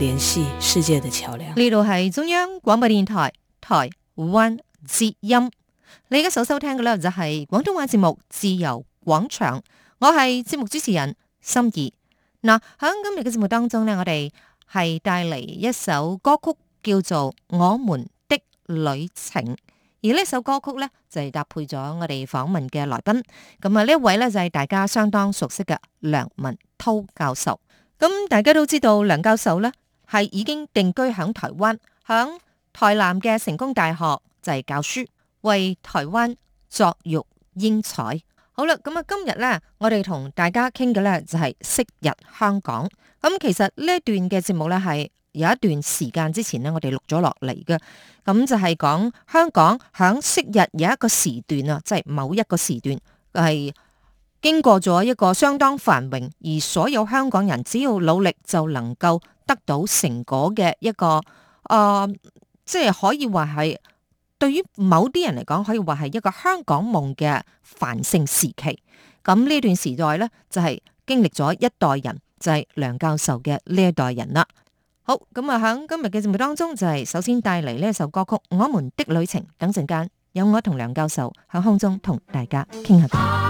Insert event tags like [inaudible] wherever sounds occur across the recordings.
聯繫世界的橋樑，呢度係中央廣播電台台灣之音。你而家所收聽嘅呢就係廣東話節目《自由廣場》，我係節目主持人心儀嗱，響今日嘅節目當中咧，我哋係帶嚟一首歌曲，叫做《我們的旅程》。而呢首歌曲咧就係、是、搭配咗我哋訪問嘅來賓。咁、嗯、啊，呢一位咧就係、是、大家相當熟悉嘅梁文韜教授。咁、嗯、大家都知道梁教授咧。係已經定居響台灣，響台南嘅成功大學就係、是、教書，為台灣作育英才。好啦，咁啊，今日咧，我哋同大家傾嘅咧就係昔日香港。咁、嗯、其實呢一段嘅節目咧係有一段時間之前咧，我哋錄咗落嚟嘅。咁、嗯、就係、是、講香港響昔日有一個時段啊，即、就、係、是、某一個時段係、就是、經過咗一個相當繁榮，而所有香港人只要努力就能夠。得到成果嘅一個，誒、呃，即係可以話係對於某啲人嚟講，可以話係一個香港夢嘅繁盛時期。咁呢段時代呢，就係、是、經歷咗一代人，就係、是、梁教授嘅呢一代人啦。好，咁啊響今日嘅節目當中，就係、是、首先帶嚟呢一首歌曲《我們的旅程》，等陣間有我同梁教授響空中同大家傾下。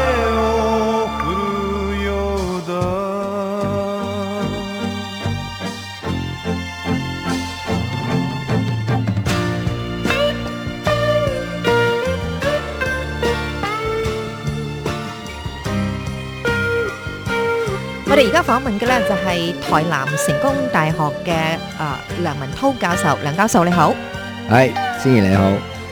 我而家訪問嘅咧就係台南成功大學嘅啊梁文韜教授，梁教授你好，係，先生你好。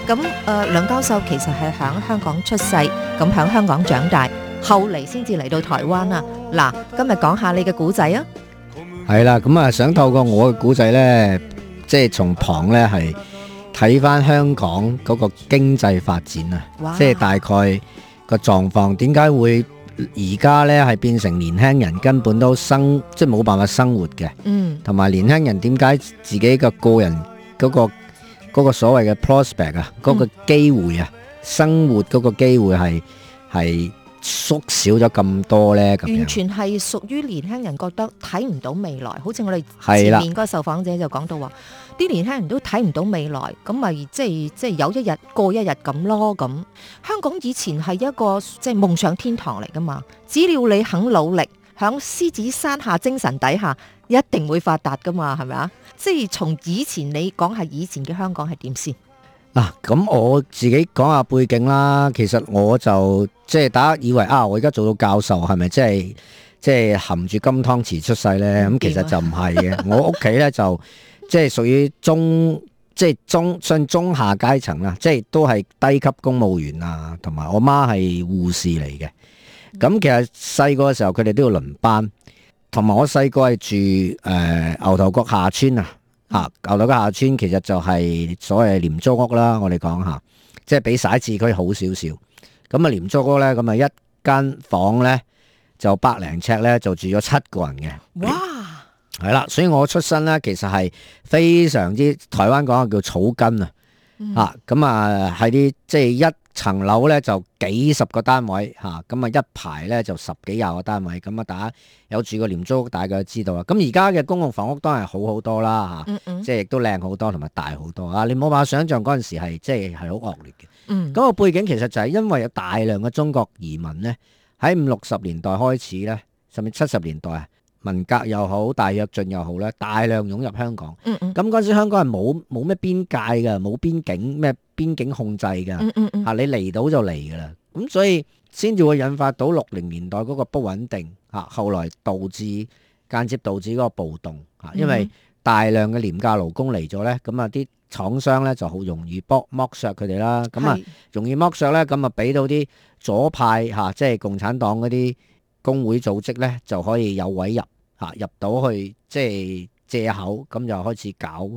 咁誒梁教授其實係響香港出世，咁響香港長大，後嚟先至嚟到台灣啊。嗱，今日講下你嘅古仔啊。係啦，咁啊想透過我嘅古仔咧，即係從旁咧係睇翻香港嗰個經濟發展啊，即係大概個狀況，點解會？而家呢，係變成年輕人根本都生即係冇辦法生活嘅，嗯，同埋年輕人點解自己嘅個人嗰個嗰個所謂嘅 prospect 啊，嗰個機會啊，嗯、生活嗰個機會係係，縮小咗咁多呢，完全係屬於年輕人覺得睇唔到未來，好似我哋前面個受訪者就講到話，啲是的 年輕人都睇唔到未來，咁咪即係即係有一日過一日咁咯咁。香港以前係一個即係、就是、夢想天堂嚟噶嘛，只要你肯努力，響獅子山下精神底下，一定會發達噶嘛，係咪啊？即係從以前你講下以前嘅香港係點先？嗱，咁、啊、我自己講下背景啦。其實我就即係、就是、大家以為啊，我而家做到教授係咪即係即係含住金湯匙出世呢？咁、嗯、其實就唔係嘅。 [laughs] 我屋企呢，就即、是、係屬於中即係、就是、中上中下階層啦，即、就、係、是、都係低級公務員啊，同埋我媽係護士嚟嘅。咁其實細個嘅時候，佢哋都要輪班，同埋我細個係住誒、呃、牛頭角下村啊。啊，牛頭角下邨其實就係所謂廉租屋啦，我哋講下，即係比徙置區好少少。咁啊廉租屋呢，咁啊一間房呢，就百零尺呢，就住咗七個人嘅。哇！係啦，所以我出身呢，其實係非常之台灣講嘅叫草根啊。嚇咁、嗯、啊喺啲即係一層樓咧就幾十個單位嚇，咁啊一排咧就十幾廿個單位，咁啊大家有住過廉租屋，大家都知道啦。咁而家嘅公共房屋當然好好多啦嚇，啊嗯嗯、即係亦都靚好多同埋大好多啊！你冇辦法想像嗰陣時係即係係好惡劣嘅。咁個、嗯、背景其實就係因為有大量嘅中國移民咧，喺五六十年代開始咧，甚至七十年代啊。文革又好，大躍進又好咧，大量湧入香港。咁嗰陣時，香港係冇冇咩邊界㗎，冇邊境咩邊境控制㗎。嚇、嗯嗯嗯啊，你嚟到就嚟㗎啦。咁、啊、所以先至會引發到六零年代嗰個不穩定。嚇、啊，後來導致間接導致嗰個暴動。嚇、啊，因為大量嘅廉價勞工嚟咗呢，咁啊啲廠商呢就好容易剝剝削佢哋啦。咁啊容易剝削呢。咁是啊俾、啊、到啲左派嚇、啊，即係共產黨嗰啲。工會組織呢就可以有位入嚇，入到去即係藉口。咁就開始搞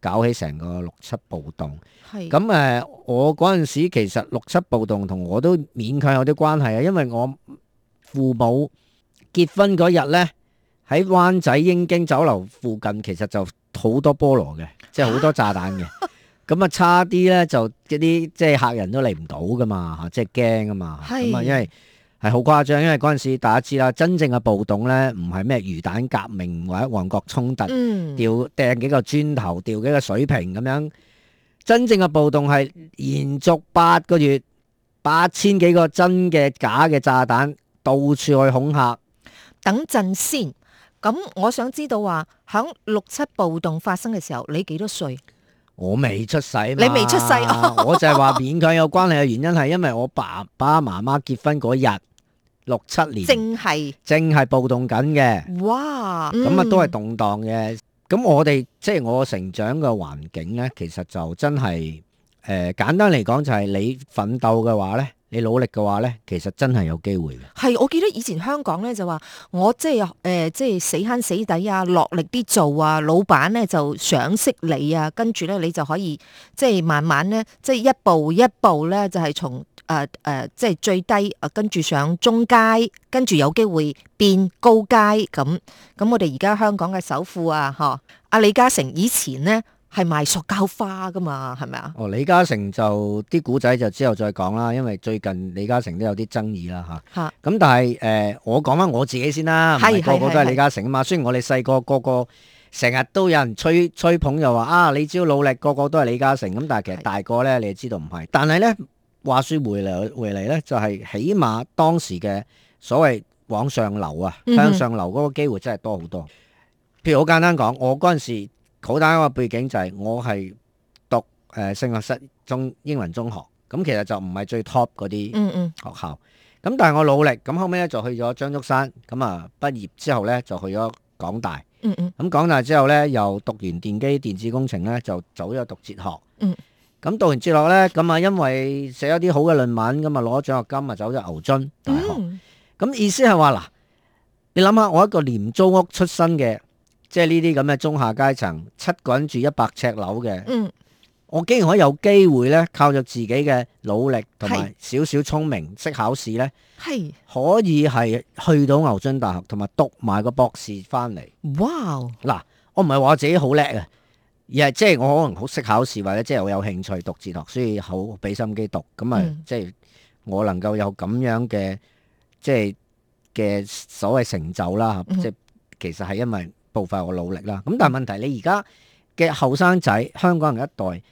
搞起成個六七暴動。係咁誒，我嗰陣時其實六七暴動同我都勉強有啲關係啊，因為我父母結婚嗰日呢，喺灣仔英京酒樓附近，其實就好多菠蘿嘅，即係好多炸彈嘅。咁啊，差啲呢，就啲即係客人都嚟唔到噶嘛，即係驚啊嘛。咁啊是，因為。係好誇張，因為嗰陣時大家知啦，真正嘅暴動呢，唔係咩魚蛋革命或者旺角衝突，掉掟、嗯、幾個磚頭，掉幾個水瓶咁樣。真正嘅暴動係延續八個月，八千幾個真嘅假嘅炸彈，到處去恐嚇。等陣先，咁我想知道話，響六七暴動發生嘅時候，你幾多歲？我未出世啊嘛，你未出世？ [laughs] 我就係話勉強有關係嘅原因係，因為我爸爸媽媽結婚嗰日。六七年，正係是正係暴動緊嘅，哇！咁、嗯、啊都係動盪嘅。咁我哋即係我成長嘅環境咧，其實就真係誒、呃，簡單嚟講就係你奮鬥嘅話咧，你努力嘅話咧，其實真係有機會嘅。係，我記得以前香港咧就話，我即係誒，即、呃、係、就是、死慳死抵啊，落力啲做啊，老闆咧就想識你啊，跟住咧你就可以即係慢慢咧，即、就、係、是、一步一步咧就係從。誒誒，即係、uh, uh, 最低，跟住上中階，跟住有機會變高階咁。咁我哋而家香港嘅首富啊，吓阿李嘉誠以前呢係賣塑膠花噶嘛，係咪啊？哦、oh，李嘉誠就啲古仔就之後再講啦，因為最近李嘉誠都有啲爭議啦吓。吓咁是但係誒，我講翻我自己先啦，個個都係李嘉誠啊嘛。是是是是雖然我哋細個個個成日都有人吹吹捧就，又話啊，你只要努力，個個都係李嘉誠咁，但係其實大個咧，你就知道唔係。但係咧。話説回嚟，回嚟咧就係、是、起碼當時嘅所謂往上流啊，向上流嗰個機會真係多好多。譬如好簡單講，我嗰陣時好大一個背景就係我係讀誒聖若瑟中英文中學，咁其實就唔係最 top 嗰啲學校，咁、嗯嗯、但係我努力，咁後尾咧就去咗張竹山，咁啊畢業之後咧就去咗港大，咁、嗯嗯、港大之後咧又讀完電機電子工程咧，就走咗讀哲學。嗯。咁讀完之後呢，咁啊，因為寫咗啲好嘅論文，咁啊，攞獎學金啊，走咗牛津大學。咁、嗯、意思係話嗱，你諗下，我一個廉租屋出身嘅，即係呢啲咁嘅中下階層，七個人住一百尺樓嘅，嗯，我竟然可以有機會呢，靠住自己嘅努力同埋少少聰明，識是考試呢，係是可以係去到牛津大學，同埋讀埋個博士翻嚟。哇！嗱，我唔係話我自己好叻啊。而係即係我可能好識考試，或者即係我有興趣讀哲學，所以好俾心機讀。咁啊，即係我能夠有咁樣嘅即係嘅所謂成就啦。嗯、哼即係其實係因為部分我努力啦。咁但係問題，你而家嘅後生仔，香港人一代，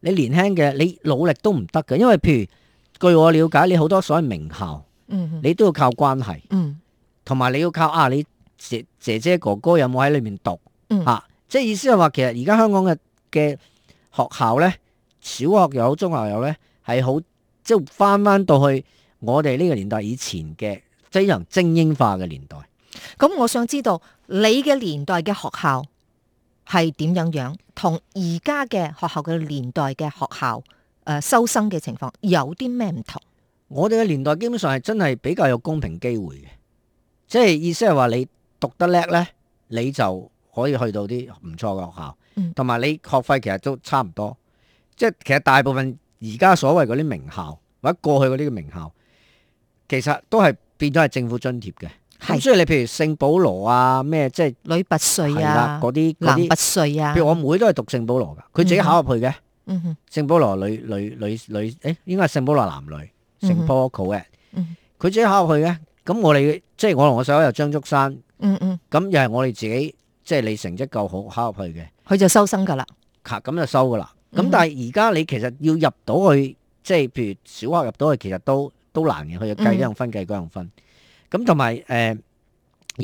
你年輕嘅，你努力都唔得嘅。因為譬如據我了解，你好多所謂名校，嗯、哼你都要靠關係，同埋、嗯、哼你要靠啊，你姐姐、姐哥哥有冇喺裏面讀，啊、嗯。即係意思係話，其實而家香港嘅嘅學校呢，小學又好，中學又好，呢係好即係翻翻到去我哋呢個年代以前嘅非常精英化嘅年代。咁我想知道你嘅年代嘅學校係點樣樣，同而家嘅學校嘅年代嘅學校誒收、呃、生嘅情況有啲咩唔同？我哋嘅年代基本上係真係比較有公平機會嘅，即係意思係話你讀得叻呢，你就。可以去到啲唔錯嘅學校，同埋你學費其實都差唔多，即係其實大部分而家所謂嗰啲名校或者過去嗰啲名校，其實都係變咗係政府津貼嘅。咁所以你譬如聖保羅啊，咩即係女拔萃啊，嗰啲男拔萃啊，譬如我妹都係讀聖保羅噶，佢自己考入去嘅。聖保羅女女女女，誒應該係聖保羅男女，聖保羅嘅，佢自己考入去嘅。咁我哋即係我同我細佬有張竹山，咁又係我哋自己。即係你成績夠好，考入去嘅，佢就收生㗎啦。咁就收㗎啦。咁、嗯、哼但係而家你其實要入到去，即係譬如小學入到去，其實都都難嘅。佢要計呢樣分，嗯、計嗰樣分。咁同埋誒，而、呃、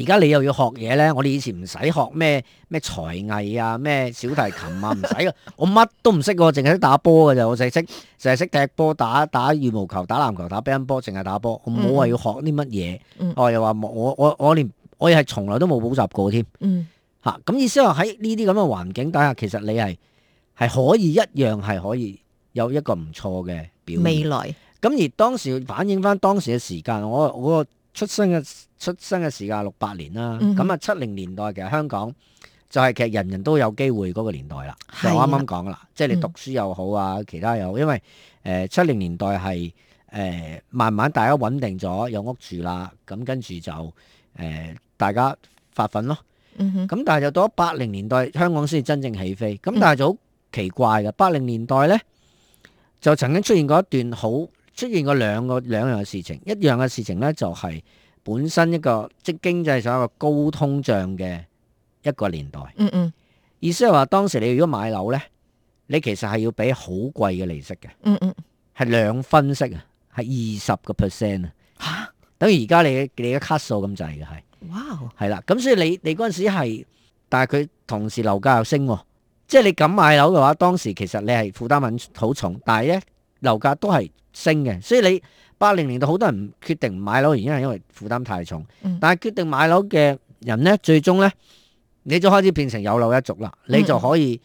家你又要學嘢咧。我哋以前唔使學咩咩才藝啊，咩小提琴啊，唔使噶。我乜都唔識，我淨係識打波㗎咋。我淨係識，淨係識踢波、打打羽毛球、打籃球、打乒乓波，淨係打波。我冇話要學啲乜嘢。嗯、我又話我我我連我係從來都冇補習過添。吓咁、啊、意思話喺呢啲咁嘅環境底下，其實你係係可以一樣係可以有一個唔錯嘅表未來。咁而當時反映翻當時嘅時間，我我出生嘅出生嘅時間六八年啦、啊，咁啊七零年代其實香港就係其實人人都有機會嗰個年代啦。嗯、哼就啱啱講啦，啊、即係你讀書又好啊，其他又好，因為誒七零年代係誒、呃、慢慢大家穩定咗有屋住啦，咁跟住就誒、呃、大家發奮咯。咁、嗯、但係就到咗八零年代，香港先至真正起飛。咁但係就好奇怪嘅，八零、嗯、年代呢，就曾經出現過一段好出現過兩個兩樣嘅事情。一樣嘅事情呢，就係、是、本身一個即係經濟上一個高通脹嘅一個年代。嗯嗯，意思係話當時你如果買樓呢，你其實係要俾好貴嘅利息嘅。嗯嗯，係兩分息啊，係二十個 percent 啊。吓，等於而家你你嘅卡數咁滯嘅係。哇！係啦 Wow.，咁所以你你嗰陣時係，但係佢同時樓價又升，即係你敢買樓嘅話，當時其實你係負擔好重，但係呢樓價都係升嘅，所以你八零年代好多人決定唔買樓，原因係因為負擔太重，但係決定買樓嘅人呢，最終呢，你就開始變成有樓一族啦，你就可以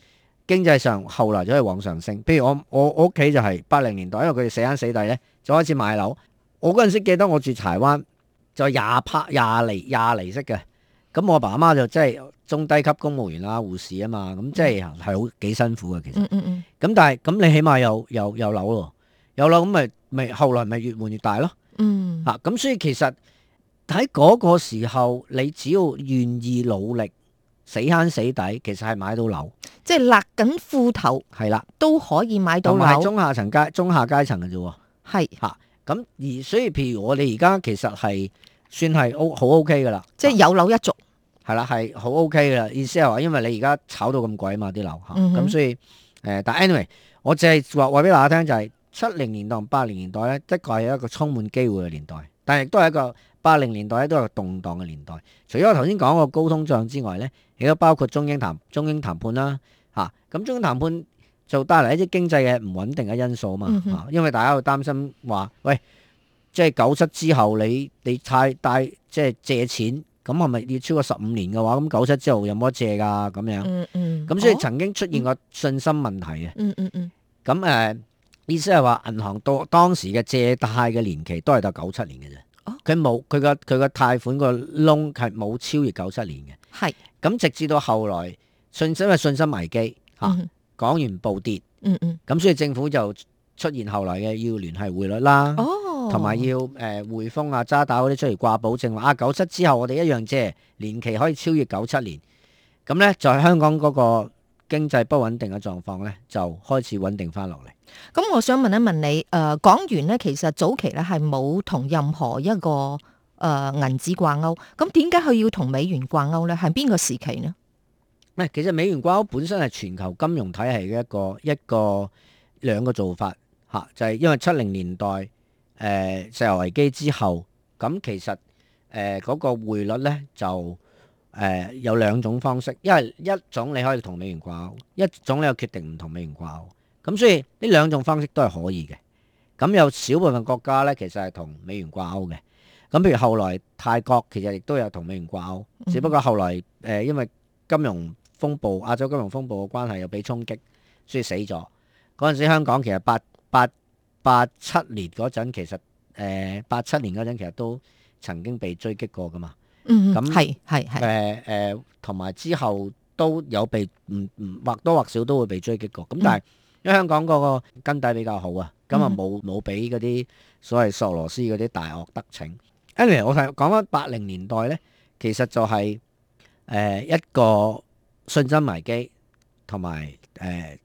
經濟上後來就可以往上升。Mm hmm. 譬如我我屋企就係八零年代，因為佢哋死慳死抵呢，就開始買樓。我嗰陣時記得我住柴灣。就廿拍廿厘廿厘息嘅，咁我阿爸阿媽就即係中低級公務員啊、護士啊嘛，咁即係係好幾辛苦嘅，其實。咁但係咁你起碼有有有樓咯，有樓咁咪咪後來咪越換越大咯。嗯。吓咁，所以其實喺嗰個時候，你只要願意努力，死慳死抵，其實係買到樓。即係勒緊褲頭係啦，都可以買到樓。都係中下層階中下階層嘅啫。係吓咁而所以，譬如我哋而家其實係。算係 O 好 OK 噶啦，即係有樓一族，係啦，係好 OK 噶啦。意思係話，因為你而家炒到咁貴啊嘛，啲樓吓，咁所以誒，但 Anyway，我淨係話話俾大家聽就係七零年代、八零年代咧，的確係一個充滿機會嘅年代，但係亦都係一個八零年代都係一個動盪嘅年代。除咗我頭先講個高通脹之外咧，亦都包括中英談中英談判啦、啊、吓。咁、啊、中英談判就帶嚟一啲經濟嘅唔穩定嘅因素啊嘛、嗯、哼因為大家會擔心話喂。即係九七之後你，你你貸貸即係借錢，咁係咪要超過十五年嘅話？咁九七之後有冇得借噶？咁樣，嗯嗯，咁、嗯、所以曾經出現過信心問題嘅。嗯嗯嗯。咁誒，意思係話銀行到當時嘅借貸嘅年期都係到九七年嘅啫。佢冇佢個佢個貸款個窿，係冇超越九七年嘅。係是。咁直至到後來信因為信心危機吓，講、啊嗯、完暴跌。嗯嗯。咁所以政府就出現後來嘅要聯繫匯率啦。嗯嗯同埋要誒匯豐啊、渣打嗰啲出嚟掛保證，話啊九七之後我哋一樣啫，年期可以超越九七年。咁呢，就係香港嗰個經濟不穩定嘅狀況呢，就開始穩定翻落嚟。咁我想問一問你，誒港元咧其實早期呢係冇同任何一個誒銀紙掛鈎，咁點解佢要同美元掛鈎呢？係邊個時期呢？其實美元掛鈎本身係全球金融體系嘅一個一個兩個做法嚇，就係因為七零年代。誒石油危機之後，咁其實誒嗰、呃那個匯率呢，就誒、呃、有兩種方式，因為一種你可以同美元掛鈎，一種你又決定唔同美元掛鈎。咁所以呢兩種方式都係可以嘅。咁有少部分國家呢，其實係同美元掛鈎嘅。咁譬如後來泰國其實亦都有同美元掛鈎，嗯、只不過後來誒、呃、因為金融風暴、亞洲金融風暴嘅關係又俾衝擊，所以死咗。嗰陣時香港其實八八。八七年嗰陣其實，誒八七年嗰陣其實都曾經被追擊過噶嘛，咁係係誒誒，同埋咁、呃呃、之後都有被唔唔或多或少都會被追擊過，咁但係因為香港嗰個根底比較好啊，咁啊冇冇俾嗰啲所謂索羅斯嗰啲大鱷得逞。跟、anyway, 住我睇講翻八零年代咧，其實就係、是、誒、呃、一個信心危機，同埋誒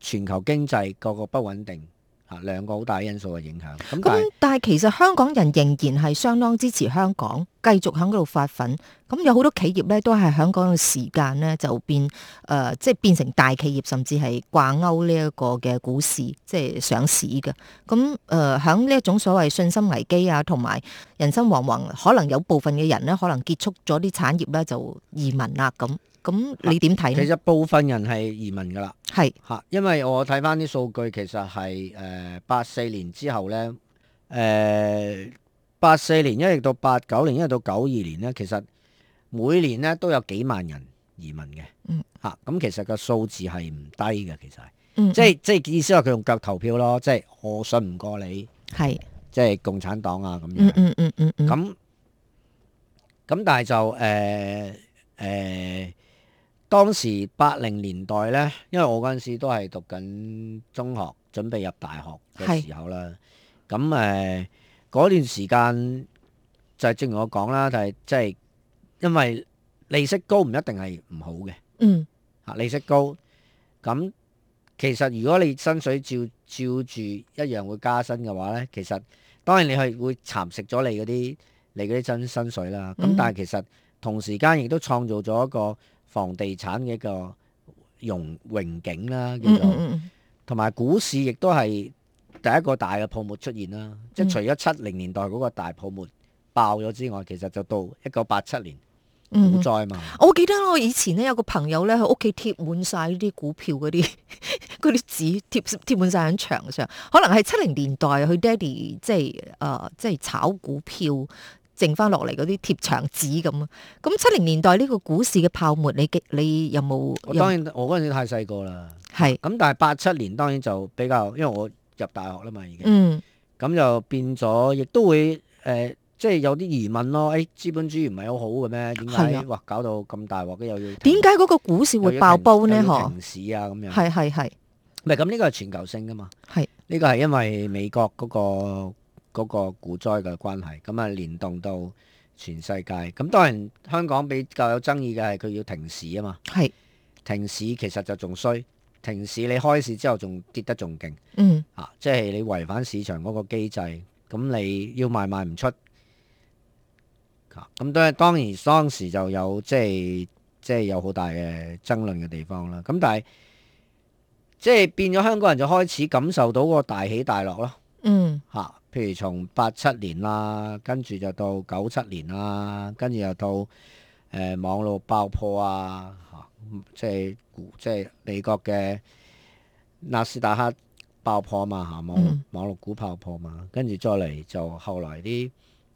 全球經濟個個不穩定。啊，兩個好大因素嘅影響。咁但係其實香港人仍然係相當支持香港繼續喺嗰度發奮。咁有好多企業咧都係喺嗰個時間咧就變誒、呃，即係變成大企業，甚至係掛鈎呢一個嘅股市，即係上市嘅。咁誒，喺呢一種所謂信心危機啊，同埋人心惶惶，可能有部分嘅人咧，可能結束咗啲產業咧就移民啦咁。咁你點睇？其實部分人係移民噶啦，係吓是，因為我睇返啲數據，其實係誒八四年之後咧，誒八四年一直到八九年一直到九二年咧，其實每年咧都有幾萬人移民嘅，嗯吓，咁其實個數字係唔低嘅，其實，其實嗯嗯即，即係即係意思話佢用腳投票咯，即係我信唔過你，係是，即係共產黨啊咁樣，嗯嗯，嗯嗯嗯嗯，咁咁但係就誒誒。呃呃呃當時八零年代呢，因為我嗰陣時都係讀緊中學，準備入大學嘅時候啦。咁誒是，嗰、呃、段時間就係、是、正如我講啦，就係即係因為利息高唔一定係唔好嘅。嗯。利息高，咁其實如果你薪水照照住一樣會加薪嘅話呢，其實當然你係會蠶食咗你嗰啲你嗰啲真薪水啦。咁、嗯、但係其實同時間亦都創造咗一個房地產嘅一個容榮景啦，叫做，同埋股市亦都係第一個大嘅泡沫出現啦。嗯、即係除咗七零年代嗰個大泡沫爆咗之外，其實就到一九八七年股災嘛、嗯。我記得我以前咧有個朋友咧，喺屋企貼滿晒呢啲股票嗰啲嗰啲紙貼，貼貼滿晒喺牆上。可能係七零年代佢爹哋即係啊，即係、呃、炒股票。剩翻落嚟嗰啲貼牆紙咁啊！咁七零年代呢個股市嘅泡沫，你你有冇？我當然我嗰陣時太細個啦。係咁，但係八七年當然就比較，因為我入大學啦，嘛，已經。嗯。咁就變咗，亦都會誒，即係有啲疑問咯。誒，資本主義唔係好好嘅咩？點解搞到咁大鑊嘅又要？點解嗰個股市會爆煲呢？嗬，股市啊，咁樣。係係係。係咁，呢個係全球性噶嘛。係呢個係因為美國嗰個。嗰個股災嘅關係，咁啊連動到全世界。咁當然香港比較有爭議嘅係佢要停市啊嘛。係是停市其實就仲衰，停市你開市之後仲跌得仲勁。嗯啊，即係你違反市場嗰個機制，咁你要賣賣唔出。啊，咁都係當然當時就有即係即係有好大嘅爭論嘅地方啦。咁、啊、但係即係變咗香港人就開始感受到個大起大落咯。嗯啊。譬如從八七年啦，跟住就到九七年啦，跟住又到誒、呃、網絡爆破啊，嚇、啊，即係即係美國嘅納斯達克爆破啊嘛，嚇、啊、網絡網絡股爆破嘛，啊啊嗯、跟住再嚟就後來啲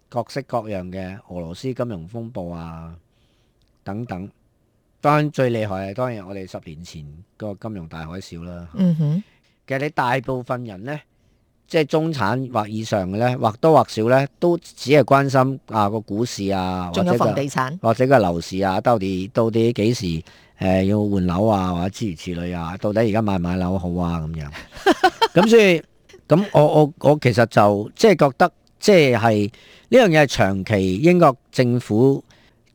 各式各樣嘅俄羅斯金融風暴啊、啊等等。當然最厲害嘅當然我哋十年前個金融大海嘯啦。啊、嗯哼，其實你大部分人咧。即係中產或以上嘅呢，或多或少呢，都只係關心啊個股市啊，或者房地產或者個樓市啊，到底到底幾時誒要換樓啊，或者諸如此類啊？到底而家買唔買樓好啊？咁樣咁 [laughs] 所以咁我我我其實就即係覺得即係呢樣嘢係長期英國政府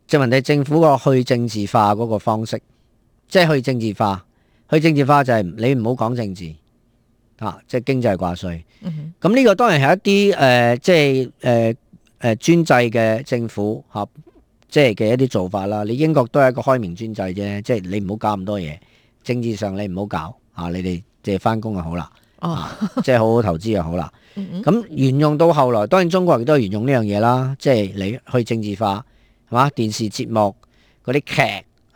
殖民地政府個去政治化嗰個方式，即係去政治化，去政治化就係你唔好講政治。啊！即係經濟掛帥，咁呢、mm hmm. 個當然係一啲誒、呃，即係誒誒專制嘅政府嚇、啊，即係嘅一啲做法啦。你英國都係一個開明專制啫，即係你唔好搞咁多嘢，政治上你唔好搞啊！你哋即係翻工就好啦、oh. [laughs] 啊，即係好好投資又好啦。咁沿、mm hmm. 用到後來，當然中國人都係沿用呢樣嘢啦，即係你去政治化係嘛？電視節目嗰啲劇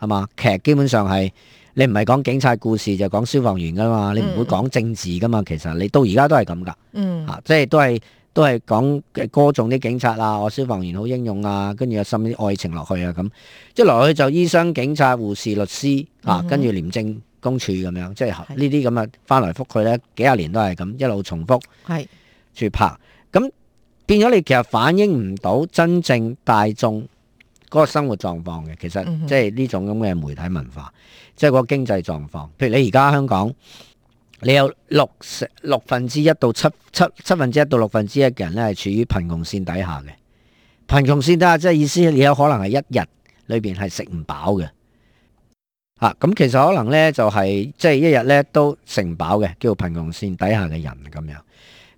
係嘛劇，劇劇基本上係。你唔係講警察故事就是、講消防員噶嘛？你唔會講政治噶嘛？其實你到而家都係咁噶，吓、mm hmm. 啊、即係都係都係講歌頌啲警察啊，我消防員好英勇啊，跟住又滲啲愛情落去啊咁，即係落去就醫生、警察、護士、律師啊，mm hmm. 跟住廉政公署咁樣，即係、mm hmm. 呢啲咁啊翻來覆去咧，幾廿年都係咁，一路重複係住、mm hmm. 是拍，咁變咗你其實反映唔到真正大眾。嗰個生活狀況嘅，其實即係呢種咁嘅媒體文化，嗯、哼即係個經濟狀況。譬如你而家香港，你有六六分之一到七七七分之一到六分之一嘅人咧，係處於貧窮線底下嘅。貧窮線底下即係意思，你有可能係一日裏邊係食唔飽嘅。嚇、啊、咁、嗯、其實可能咧、就是，就係即係一日咧都食唔飽嘅，叫做貧窮線底下嘅人咁樣。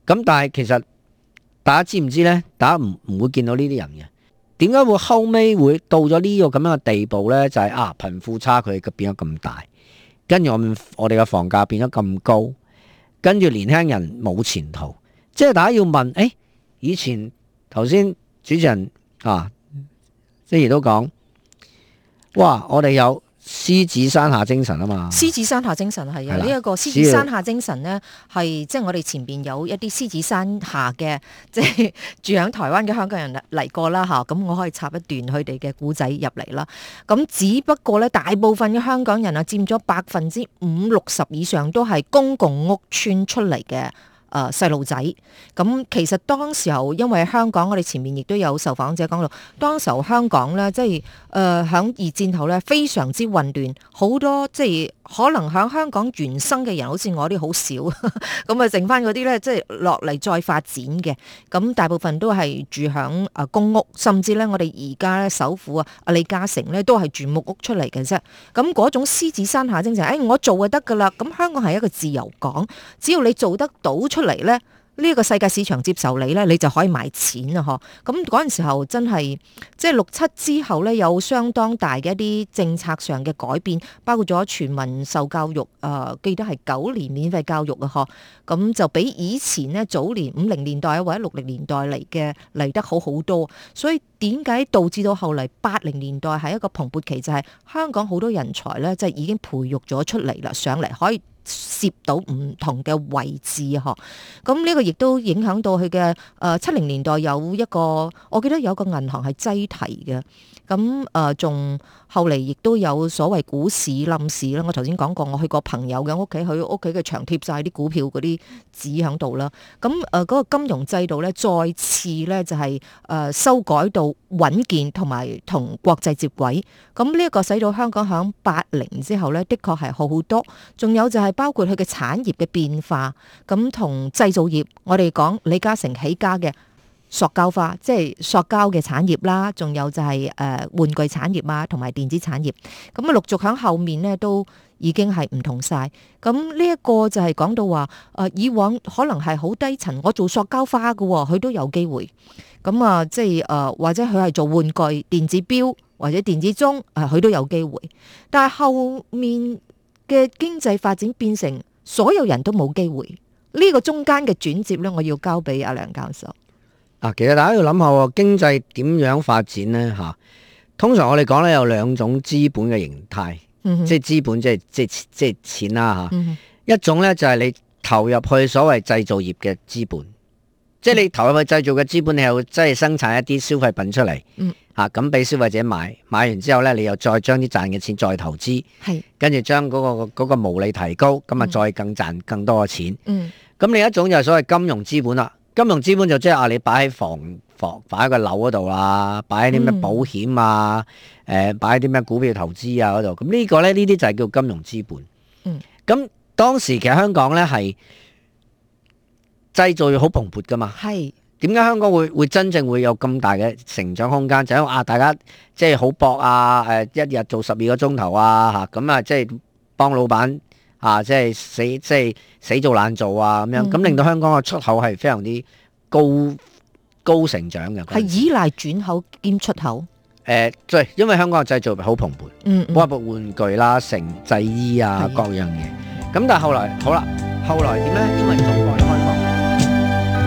咁但係其實大家知唔知咧？大家唔唔會見到呢啲人嘅。點解會後尾會到咗呢個咁樣嘅地步呢？就係啊，貧富差距變咗咁大，跟住我我哋嘅房價變咗咁高，跟住年輕人冇前途。即係大家要問，誒，以前頭先，主持人啊，即係都講，哇，我哋有。獅子山下精神啊嘛，獅子山下精神係啊，呢一個獅子山下精神咧，係即係我哋前邊有一啲獅子山下嘅，即係住響台灣嘅香港人嚟過啦吓，咁我可以插一段佢哋嘅故仔入嚟啦。咁只不過咧，大部分嘅香港人啊，佔咗百分之五六十以上都係公共屋邨出嚟嘅。誒細路仔，咁、呃、其實當時候因為香港，我哋前面亦都有受訪者講到，當時候香港呢，即係誒響二戰後呢，非常之混亂，好多即係。可能喺香港原生嘅人，好似我啲好少，咁 [laughs] 啊剩翻嗰啲咧，即係落嚟再發展嘅，咁大部分都係住響啊公屋，甚至咧我哋而家咧首富啊阿李嘉誠咧都係住木屋出嚟嘅啫，咁嗰種獅子山下精神，誒、哎、我做就得噶啦，咁香港係一個自由港，只要你做得到出嚟咧。呢個世界市場接受你呢，你就可以賣錢啊！嗬，咁嗰陣時候真係即係六七之後呢，有相當大嘅一啲政策上嘅改變，包括咗全民受教育啊、呃，記得係九年免費教育啊！嗬，咁就比以前呢，早年五零年代或者六零年代嚟嘅嚟得好好多。所以點解導致到後嚟八零年代係一個蓬勃期，就係香港好多人才呢即係已經培育咗出嚟啦，上嚟可以，涉到唔同嘅位置嗬，咁呢個亦都影響到佢嘅，誒七零年代有一個我記得有個銀行係擠提嘅。咁誒仲後嚟亦都有所謂股市冧市啦。我頭先講過，我去過朋友嘅屋企，佢屋企嘅牆貼晒啲股票嗰啲紙響度啦。咁誒、呃嗰個金融制度咧，再次咧就係、是、誒、呃、修改到穩健同埋同國際接軌。咁呢一個使到香港響八零之後咧，的確係好好多。仲有就係、是。包括佢嘅產業嘅變化，咁同製造業，我哋講李嘉誠起家嘅塑膠花，即係塑膠嘅產業啦，仲有就係誒玩具產業啊，同埋電子產業，咁啊，陸續響後面呢，都已經係唔同晒。咁呢一個就係講到話，誒以往可能係好低層，我做塑膠花嘅，佢都有機會。咁啊，即係誒或者佢係做玩具、電子錶或者電子鐘，誒佢都有機會。但係後面。嘅經濟發展變成所有人都冇機會，呢、這個中間嘅轉折咧，我要交俾阿梁教授。啊，其實大家要諗下喎，經濟點樣發展呢？吓，通常我哋講咧有兩種資本嘅形態，嗯、哼即係資本，即係即係即係錢啦，吓、嗯哼，一種咧就係你投入去所謂製造業嘅資本，嗯、即係你投入去製造嘅資本，你又即係生產一啲消費品出嚟，嗯。啊，咁俾消費者買，買完之後咧，你又再將啲賺嘅錢再投資，係是，跟住將嗰個毛利提高，咁啊，再更賺更多嘅錢。嗯，咁另一種就係所謂金融資本啦。金融資本就即係話你擺喺房房擺喺個樓嗰度啦，擺喺啲咩保險啊，誒、嗯，擺喺啲咩股票投資啊嗰度。咁呢個咧，呢啲就係叫金融資本。嗯，咁當時其實香港咧係製造業好蓬勃㗎嘛。係。點解香港會會真正會有咁大嘅成長空間？就係、是、啊，大家即係好搏啊，誒，一日做十二個鐘頭啊，吓、啊、咁啊，即係幫老闆啊，即係死即係死做爛做啊，咁樣咁令到香港嘅出口係非常之高高成長嘅，係依賴轉口兼出口誒，即係、呃、因為香港嘅製造好蓬勃，包括、嗯嗯、玩具啦、呃、成製衣啊各樣嘢，咁的但係後來好啦，後來點咧？因為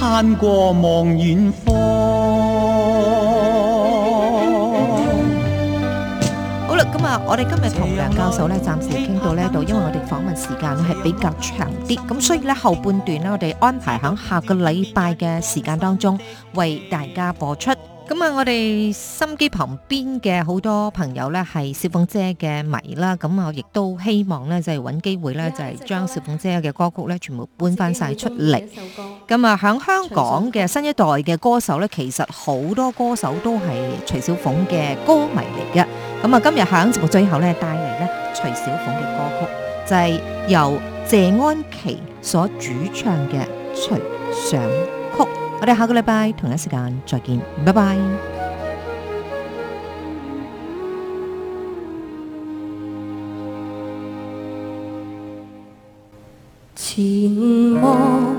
攀過望遠方。好啦，咁我哋今日同梁教授咧，暫時傾到呢度，因為我哋訪問時間咧係比較長啲，咁所以呢，後半段咧，我哋安排喺下個禮拜嘅時間當中，為大家播出。咁啊，嗯、我哋心機旁邊嘅好多朋友咧，係小鳳姐嘅迷啦。咁、嗯、啊，我亦都希望咧，就係揾機會咧，就係將小鳳姐嘅歌曲咧，全部搬翻晒出嚟。咁啊，響、嗯、香港嘅新一代嘅歌手咧，其實好多歌手都係徐小鳳嘅歌迷嚟嘅。咁、嗯、啊，今日響節目最後咧，帶嚟咧徐小鳳嘅歌曲，就係、是、由謝安琪所主唱嘅《徐想》。我哋下個禮拜同一時間再見，拜拜。前望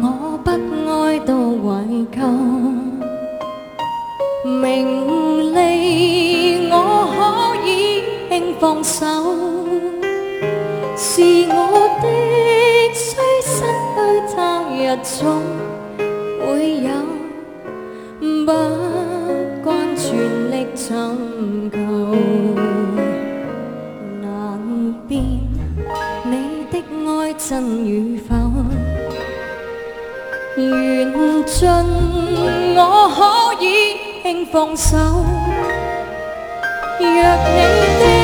我不愛多懷舊，名利我可以輕放手，是我的雖失去他日重。不慣全力尋求，難辨你的愛真與否。緣盡我可以輕放手，若你的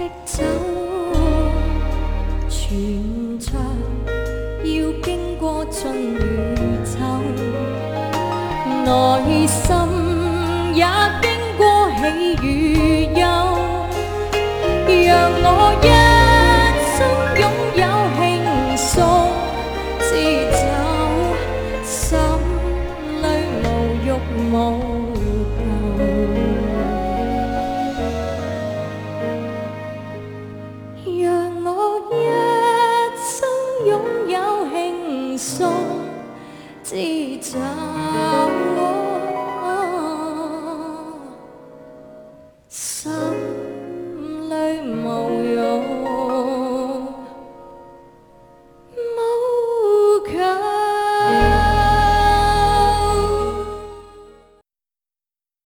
的走，全程要經過春與秋，內心也經過喜與憂。讓我一。